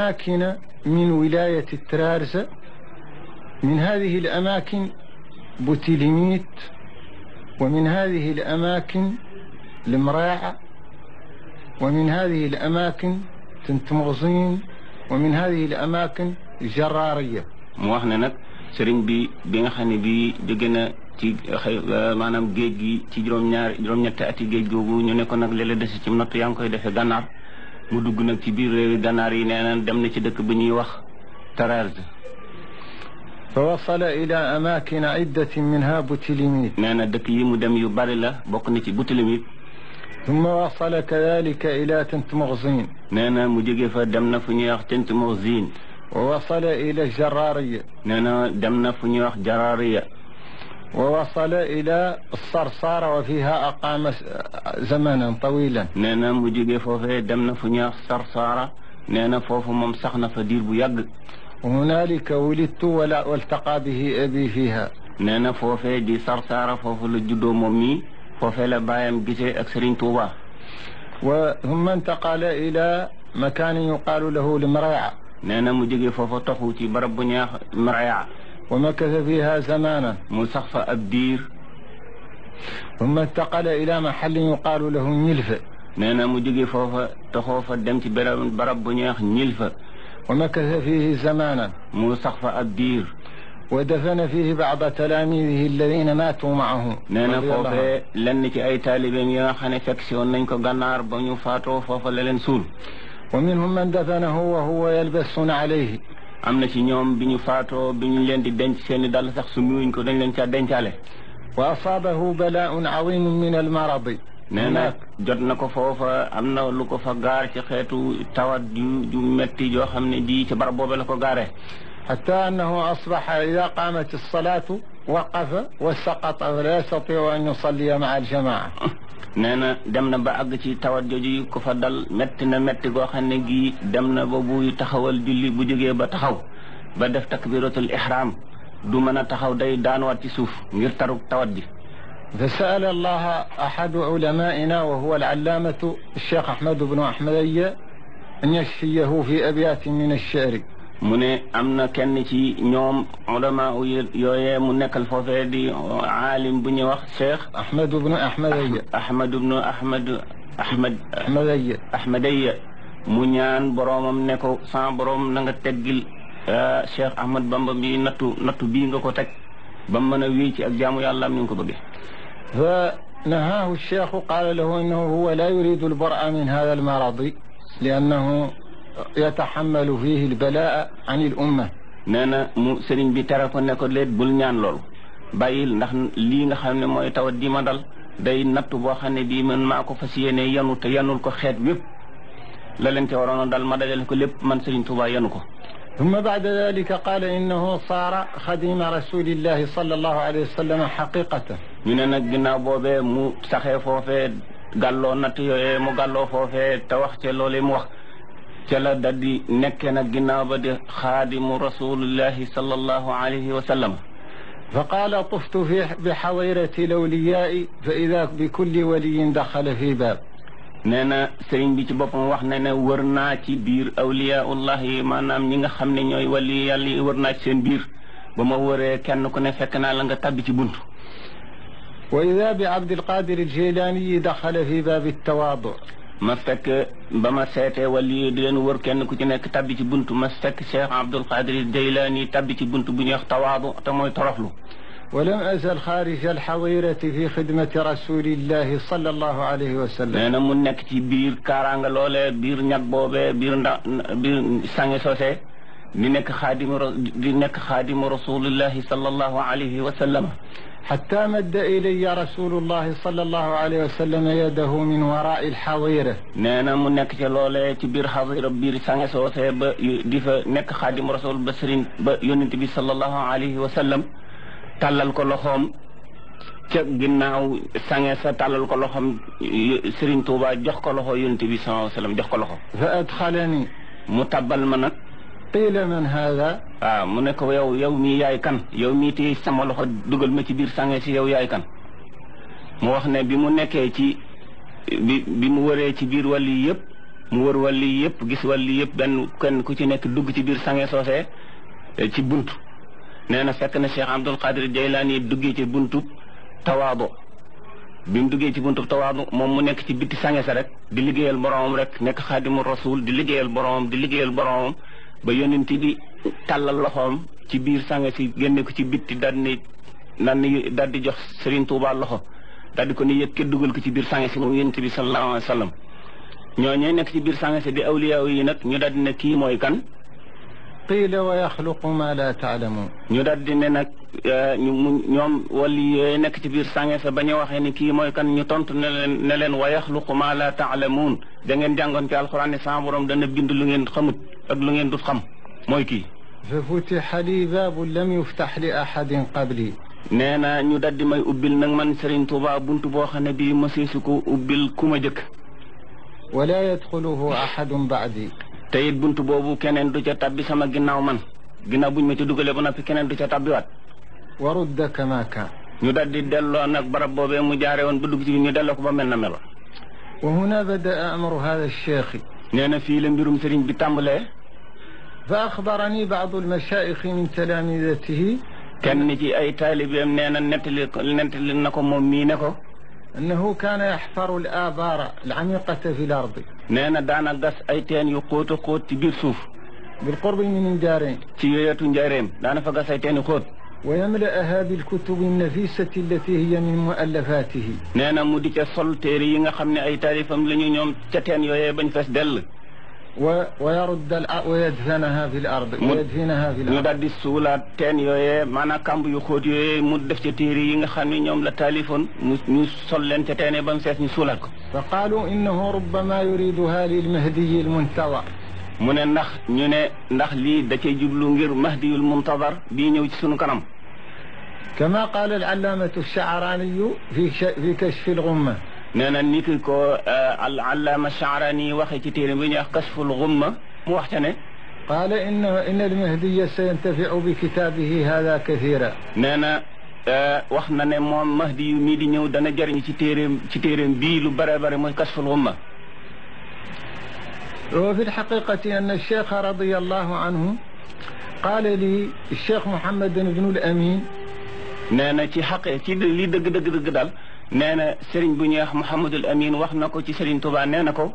أماكن من ولاية الترارزة من هذه الأماكن بوتيليميت ومن هذه الأماكن المراعة ومن هذه الأماكن تنتمغزين ومن هذه الأماكن جرارية موحنا سرين بي بين خاني بي ديغنا ci maanaam géej gi ci juróom ñaar juróom ñetti ati géej googu ñu nekkoon nag léeg-léeg des ci natt yaa mu dugg nag ci biir réewi gànnaar yi nee dem na ci dëkk bu ñuy wax Tararze فوصل إلى أماكن عدة منها بوتليميت نانا دكي مدم يبارلا بقنتي بوتليميت ثم وصل كذلك إلى تنتمغزين نانا مجيجي فدمنا فنياخ تنتمغزين ووصل إلى الجرارية نانا دمنا فنياخ جرارية ووصل إلى الصرصارة وفيها أقام زمانا طويلا نانا موجي فوفي دمنا فنيا الصرصار نانا فوفو ممسخنا فدير بيق هنالك ولدت ولا والتقى به أبي فيها نانا فوفي دي صرصارة فوفو لجدو ممي فوفي لبايم جيسي أكسرين توبا وهم انتقل إلى مكان يقال له المرايعه نانا موجي فوفو تخوتي بربنا مرايعه ومكث فيها زمانا مسخف أبدير ثم انتقل إلى محل يقال له نلفة نانا مجيجي فوفا تخوفا دمت برب برب نياخ ومكث فيه زمانا مسخف أبدير ودفن فيه بعض تلاميذه الذين ماتوا معه نانا فوفا لنك أي طالبين يا خنا وننك غنار بنيو فاتو فوفا للنسول ومنهم من دفنه وهو يلبس عليه amna ci ñoom biñu faato biñu leen di denc seen dal sax su miwuñ ko dañ leen ca dencale wa asabahu bala'un azimu min almaradi nee na jot na ko foofa am lu ko fa gar ci xetu tawat ju ju metti joo xam ne ji ci barab boobe la ko gaaree حتى أنه أصبح إذا قامت الصلاة وقف وسقط ولا يستطيع أن يصلي مع الجماعة nee na dem na ba àgg ci tawat jooju ko fa dal metti na metti goo xam ne gii dem na ba buy taxawal julli bu jógee ba taxaw ba def takbiratul ihram du mën a taxaw day daanuwaat ci suuf ngir taruk tawat ji فسأل الله أحد علمائنا وهو العلامة الشيخ أحمد بن أحمدية أن يشفيه في أبيات من الشعر mune amna kenn ci ñoom ulama yooyee mu nekkal fofé di alim bu ñu wax cheikh ahmad ibnu ahmed ahmad ibnu ahmed ahmed ahmadaya ahmadaya mu ñaan boromam ne ko sans borom na nga teggil cheikh ahmed bamba bi natu natu bi nga ko tek ba mëna wi ci ak jaamu yàlla ñu am ni nga ko bëggee qala lahu innahu huwa la هو al يريد min hadha al المرض لانه يتحمل فيه البلاء عن الأمة نانا مو سرين بي تارا كو نيكو ليت بول نيان لول بايل نخ لي نخ خامن موي تودي ما دال داي نات بو خامن بي من ماكو فاسيني يانو تا يانول كو خيت ويب لا لنت ورانا دال ما دال كو ليب من سرين توبا يانوكو ثم بعد ذلك قال انه صار خديم رسول الله صلى الله عليه وسلم حقيقه من انا غيناو بوبي مو ساخي فوفي غالو نات يوي مو غالو فوفي تا واخ تي لولي مو واخ ca ددي نكنا nekke خادم رسول الله صلى الله عليه وسلم فقال طفت في بحويرة الأولياء فإذا بكل ولي دخل في باب نانا سين بيت بابا واخ نانا ورنا بير اولياء الله نام نيغا خامني نيوي ولي يالي ورنا سين بير بما وري كين كو نه فكنا لا nga tabbi وإذا بعبد القادر الجيلاني دخل في باب التواضع ma fekk ba ma seete wali di leen wër kenn ku ci nekk tabbi ci buntu ma fekk cheikh abdul qadir deylani tabbi ci buntu bu ñeex tawadu te moy toroflu ولم ازل خارج الحظيره في خدمه رسول الله صلى الله عليه وسلم انا من نك تي بير كارانغ لوله بير نياك بوبه بير بير سانغي سوسي ني نك خادم دي نك خادم رسول الله صلى الله عليه وسلم حتى مد إلي رسول الله صلى الله عليه وسلم يده من وراء الحظيرة نانا مو نك تي لولé بير حظيرة بير سانة سوسé با نك خادم رسول بسرين با بي صلى الله عليه وسلم تالال كو لخوم جناو سانة sange sa سرين ko loxoom كله Touba صلى الله عليه وسلم bi كله فأدخلني متبل منك قيل من هذا waaw ah, mu nekk ko yow yow mii yaay kan yow mii téye sama loxo dugal ma ci biir sànge si yow yaay kan mu wax ne bi mu nekkee ci bi bi mu wëree ci biir wàll yi yëpp mu wër wàll yi yëpp gis wàll yi yëpp benn kenn ku ci nekk dugg ci biir sange soosee eh, ci bunt nee na fekk na Cheikh Abdul Qadir Jaylaani duggee ci buntu tawaabo bi mu duggee ci buntu tawaabo moom mu nekk ci bitti sange sa rek di liggéeyal boromam rek nekk xaadimu rasul di liggéeyal boromam di liggéeyal boromam ba yonent bi talal loxom ci biir sanga si genné ko ci bitti dal ni nan ni dal di jox Serigne Touba loxo dal di ko ni yek ke dugal ko ci biir sanga ci moom yonent bi sallallahu alaihi wasallam. sallam ñooñee ci biir sanga ci di awliya yi nak ñu dal di ne kii mooy kan wa ويخلق ma la ta'lamu ñu dal di ne nak e, ñom wali yoy nek ci biir sanga sa waxe ni ki moy kan ñu tontu ne len ne wa yaxluqu ma la ta'lamun da ngeen jangon ci alquran ni sa borom na bind lu ngeen xamut ففتح لي باب لم يفتح لأحد قبلي نانا ني دادي ماي اوبيل نك مان سيرن توبا بونت مسيسكو اوبيل كوما ولا يدخله احد بعدي تايت بونت بوبو كينن دو جا تابي سما غيناو مان غينا بون ما تي دوغالي بو نافي كينن ورد كما كان ني دادي ديلو نك برب بوبو مو جاري وون بو دوغ سي ني وهنا بدا امر هذا الشيخ نانا في لمبروم سرين بتعمل إيه؟ فأخبرني بعض المشايخ من تلاميذته كان نجي أي طالب يمنينا نتل نتل نكم مينكو أنه كان يحفر الآبار العميقة في الأرض نانا دعنا الدس أي تان يقوت قوت بيرسوف بالقرب من الدارين تيويتون جارين دعنا فقس أي تان يقوت ويملأها بالكتب النفيسة التي هي من مؤلفاته نانا موديك سول تيري ييغا خامني اي تاليفام لا نيوم تاتين يوي بن فاس دل و ويرد الأ... ويدفنها في الارض ويدفنها في الارض مدد السولا تين يوي مانا كامب يو خود يوي مو ديف تي تيري ييغا خامني نيوم لا تاليفون ني سول لين تاتين بن فاس ني سولاكو فقالوا انه ربما يريدها للمهدي المنتظر mu ne ndax ñu ne ndax lii da cay jublu ngir mahdiyul muntazar bii ñëw ci sunu kanam كما قال العلامة الشعراني في في كشف الغمة نانا نيكيكو آه، العلامة الشعراني وخي كتير من كشف الغمة موحتنا قال إن إن المهدي سينتفع بكتابه هذا كثيرا نانا آه، وخنا نمو مهدي ميدي نيو دانا جارني كتيرم كتيرم بيلو برابر من كشف الغمة وفي الحقيقة أن الشيخ رضي الله عنه قال لي الشيخ محمد بن الأمين نانا تي حق تي لي دغ دغ دغ دال نانا سيرن بو sëriñ محمد الامين wax Mouhamadul Amin wax na ko ci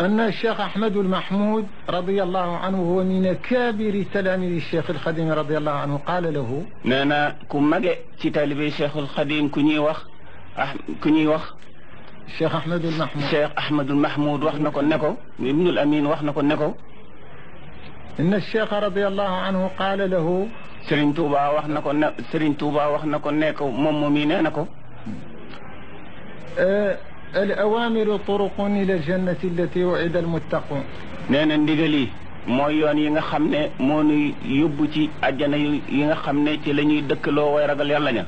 أن الشيخ أحمد المحمود رضي الله عنه هو من كابر تلاميذ الشيخ الخديم رضي الله عنه قال له نانا ماغي تي طالب الشيخ الخديم كني واخ أح... كني وخ الشيخ أحمد المحمود الشيخ أحمد المحمود وحنا نكو ابن الأمين وحنا نكو إن الشيخ رضي الله عنه قال له الأوامر طرق إلى الجنة التي وعد المتقون نحن ندلي ما يعني ينعا خمنة ما نيجي يبتي أجناء ينعا خمنة تلني دكلو ويرجع لي